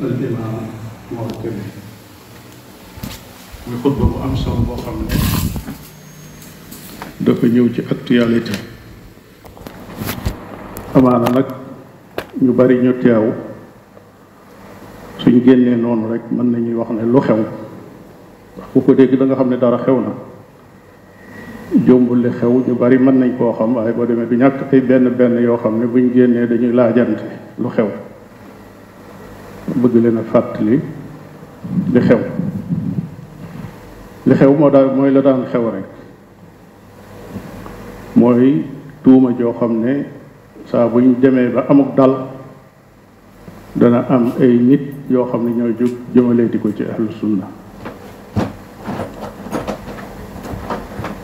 al imaam boo xam ne dafa ñëw ci actualité amaana nag ñu bari ñu teew suñ génnee noonu rek mën nañuy wax ne lu xew wax ku ko dégg da nga xam ne dara xew na jombul li xew ñu bari mën nañ koo xam waaye boo demee du ñàkk ay benn benn yoo xam ne buñ génnee dañuy laajante lu xew bëgg leen a fàttali li xew li xew moo daal mooy la daan xew rek mooy tuuma joo xam ne saa bu ñu demee ba amuk dal dana am ay nit yoo xam ne ñoo jóg jëmaleeti ko ci ahlu sunna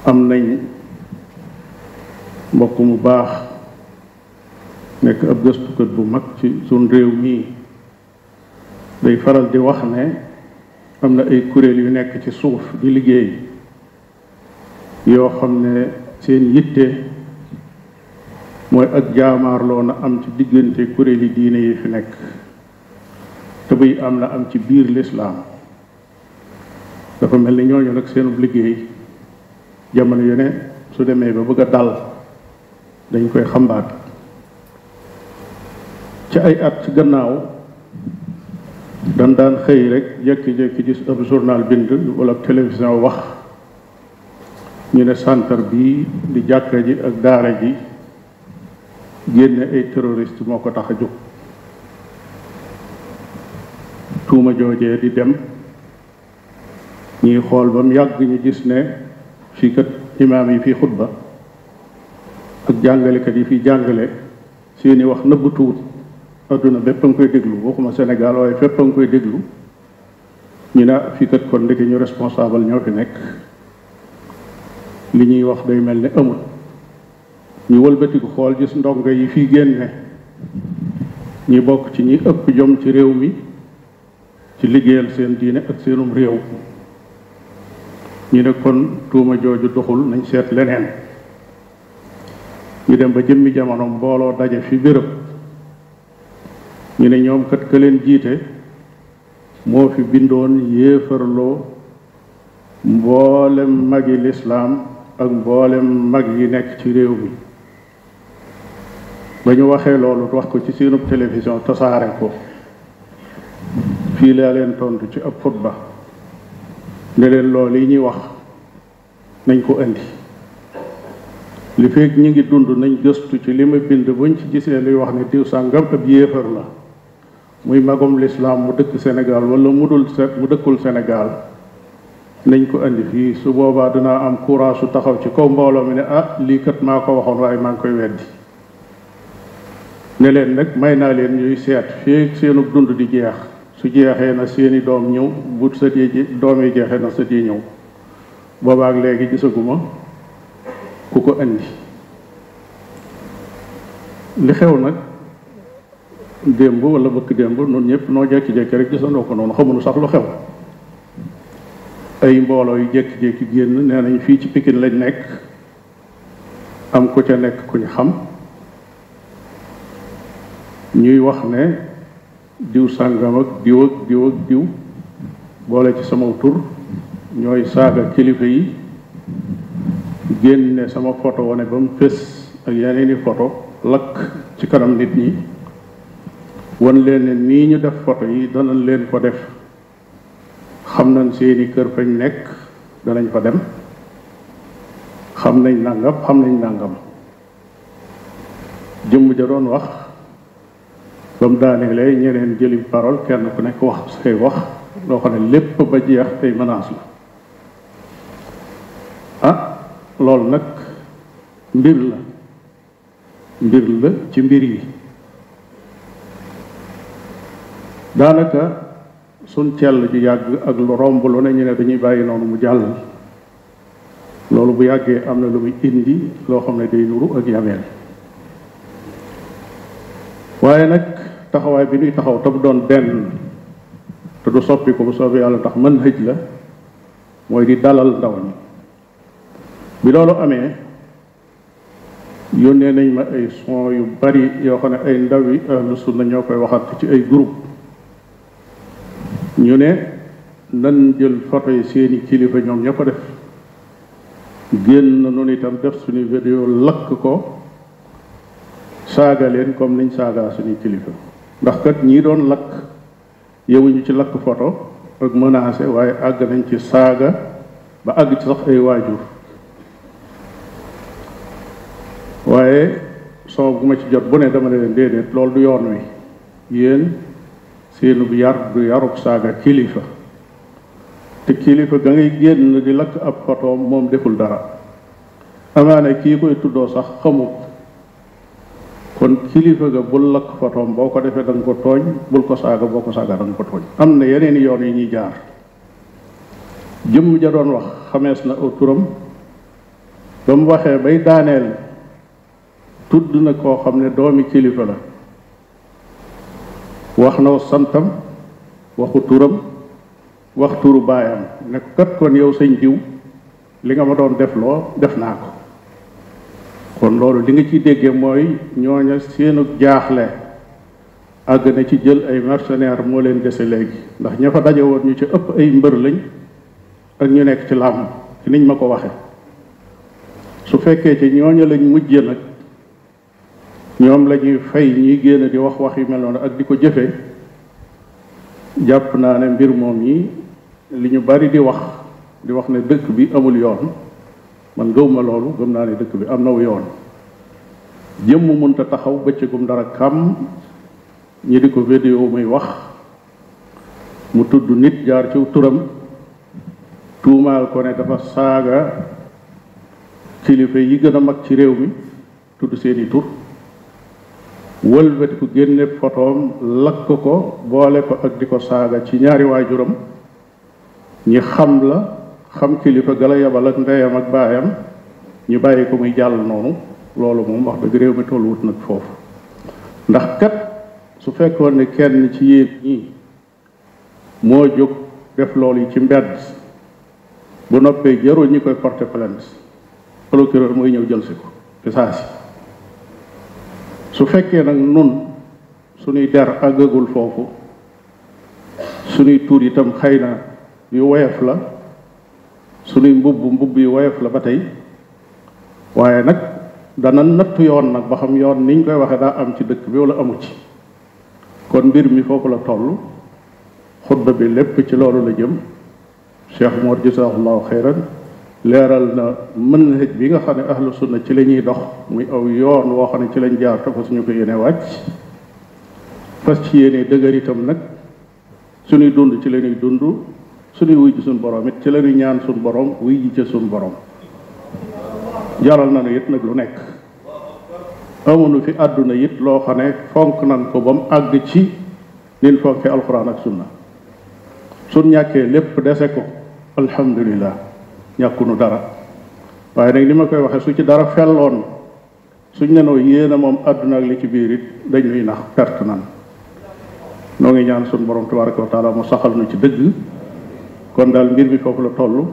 am nañ mbokk mu baax nekk ab gëstukat bu mag ci suñ réew mii day faral di wax ne am na ay kuréel yu nekk ci suuf di liggéey yoo xam ne seen yitte mooy ak jaamaarloo na am ci diggante kuréeli diine yi fi nekk te buy am na am ci biir lislaam dafa mel ni ñooñu nag seenub liggéey jamono yu ne su demee ba bëgg a dal dañ koy xambaat ca ay at ci gannaaw dan daan xëy rek jékki-jékki gis ab journal bind wala télévision wax ñu ne centre bi di jàkka ji ak daara ji génne ay terroriste moo ko tax a jóg tuuma joojee di dem ñuy xool ba mu yàgg ñu gis ne fii kat imaam yi fii xutba ak jàngalekat yi fi jàngale seeni wax nëbbu tuut adduna bépp a nga koy déglu waxuma Sénégal waaye fépp nga koy déglu ñu ne fii kat kon ndeke ñu responsable ñoo fi nekk li ñuy wax day mel ni amul ñu wëlbatiku xool gis ndongo yi fii génne ñi bokk ci ñi ëpp jom ci réew mi ci liggéeyal seen diine ak seenum réew ñu ne kon tuuma jooju doxul nañ seet leneen ñu dem ba jëmmi jamono mbooloo daje fi béréb ñu ne ñoom kat ka leen jiite moo fi bindoon yéefarloo mboolem magi lislaam ak mboolem mag yi nekk ci réew mi ba ñu waxee loolu wax ko ci seenub télévision tasaare ko fii laa leen tontu ci ab ba ne leen loolu yi ñuy wax nañ ko indi li fekk ñi ngi dund nañ gëstu ci li ma bind buñ ci gisee luy wax ni diw sàngam ab yéefar la muy magum lislaam mu dëkk Sénégal wala mu dul set mu dëkkul Sénégal nañ ko indi fii su boobaa danaa am courage su taxaw ci kaw mbooloo mi ne ah lii kat maa ko waxoon waaye maa ngi koy weddi ne leen nag may naa leen ñuy seet fii seenu dund di jeex su jeexee na seeni doom ñëw bu sët yi doom yi jeexee na set yi ñëw boobaak léegi gisaguma ku ko indi li xew nag démb wala bëkk démb noonu ñëpp noo jékki-jékki rek gisandoo ko noonu xamuñu sax lu xew ay mbooloo yu jékki-jékki génn nee nañ fii ci Pikine lañ nekk am ku ca nekk ku xam ñuy wax ne diw sàngam ak diw boole ci sama tur ñooy saaga kilifa yi génne sama photo wane ba mu fés ak yeneen i photo lakk ci kanam nit ñi wan leen ne nii ñu def photo yi danañ leen ko def xam nañ seeni kër fañ nekk danañ fa dem xam nañ nàngam xam nañ nàngam jëmm ja doon wax ba mu daaneelee ñeneen jëli parole kenn ku nekk wax say wax loo xam ne lépp ba jeex tey menace la ah loolu nag mbir la mbir la ci mbir yi daanaka suñ cell ju yàgg ak lu romb lu ne ñu dañuy bàyyi noonu mu jàll loolu bu yàggee am na lu muy indi loo xam ne day nuru ak yameel waaye nag taxawaay bi ñuy taxaw te bu doon benn te du soppi ko bu soobee yàlla tax mën hëj la mooy di dalal ndaw ñi bi loolu amee yónnee nañ ma ay son yu bari yoo xam ne ay ndaw yi ahlu sunna ñoo koy waxat ci ay groupe ñu ne nan jël photo yi seeni kilifa ñoom ña ko def génn noonu itam def suñu vidéo lakk ko saaga leen comme niñ saagaa suñu kilifa ndax kat ñii doon lakk yowuñu ci lakk photo ak menacé waaye àgg nañ ci saaga ba àgg ci sax ay waajur waaye soo bu ma ci jot bu ne dama ne leen déedéet loolu du yoon wi yéen seenub yar du yarub saaga kilifa te kilifa ga ngay génn di lakk ab fotoom moom deful dara amaana kii koy tuddoo sax xamut kon kilifa ga bul lakk fotoom boo ko defee da nga ko tooñ bul ko saaga boo ko saaga da ko tooñ am na yeneen yoon yu ñuy jaar jëmm ja doon wax xamees na aw turam waxee bay daaneel tudd na koo xam ne doomi kilifa la wax na santam waxu turam wax turu baayam ne kon yow sëñ diw li nga ma doon def loo def naa ko kon loolu li nga ci déggee mooy ñooña seenu jaaxle àgg na ci jël ay mercenaires moo leen dese léegi ndax ña fa daje woon ñu ci ëpp ay mbër lañ ak ñu nekk ci làmb ci niñ ma ko waxe su fekkee ci ñooña lañ mujje nag ñoom la ñuy fay ñi génn di wax wax yi mel noonu ak di ko jëfe jàpp naa ne mbir moom yi li ñu bari di wax di wax ne dëkk bi amul yoon man gëwma loolu gëm naa ne dëkk bi am naw yoon jëmm munta taxaw bëccëgum dara kam ñi di ko vidéo muy wax mu tudd nit jaar ci turam tuumaal ko ne dafa saaga kilifa yi gën a mag ci réew mi tudd seeni tur wëlbati ku génne photoom lakk ko boole ko ak di ko saaga ci ñaari waajuram ñi xam la xam kilifa gala yabal ak ndeyam ak baayam ñu bàyyi ko muy jàll noonu loolu moom wax dëgg réew mi wut nag foofu ndax kat su fekkoon ne kenn ci yéen ñii moo jóg def loolu yi ci mbedd bu noppee jarul ñi koy porter plainte procureur mooy ñëw jël si ko te saa si su fekkee nag nun suñuy der àggagul foofu suñuy tuur itam xëy na yu woyof la suñuy mbubb mbubb yu woyof la ba tey waaye nag dana nattu yoon nag ba xam yoon niñ koy waxee daa am ci dëkk bi wala amu ci kon mbir mi foofu la toll xutba bi lépp ci loolu la jëm cheikh Mor jazaahullahu xeyran leeral na mën hëj bi nga xam ne ahlu sunna ci la ñuy dox muy aw yoon woo xam ne ci lañ jaar te suñu ko yéene wàcc fas ci yéene dëgër itam nag suñuy dund ci la ñuy dund suñuy wuy suñu borom it ci la ñaan suñu borom wuy ji ca suñu borom jaral na nu it nag lu nekk amuñu fi àdduna it loo xam ne fonk nan ko ba àgg ci nin fonke alxuraan ak sunna suñ ñàkkee lépp dese ko alhamdulillah ñàkkunu dara waaye nag li ma koy waxee su ci dara felloon suñ nenoo yéen a moom àdduna li ci biir it dañuy nax pert nan noo ngi ñaan suñu borom tabaraka wa taala mu saxal nu ci dëgg kon daal mbir mi foofu la toll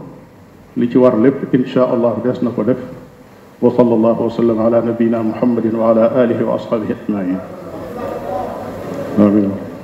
li ci war lépp insha allah des na ko def wa sallallahu wa sallam ala nabiyina muhammadin wa ala alihi wa ashabihi ajmain amin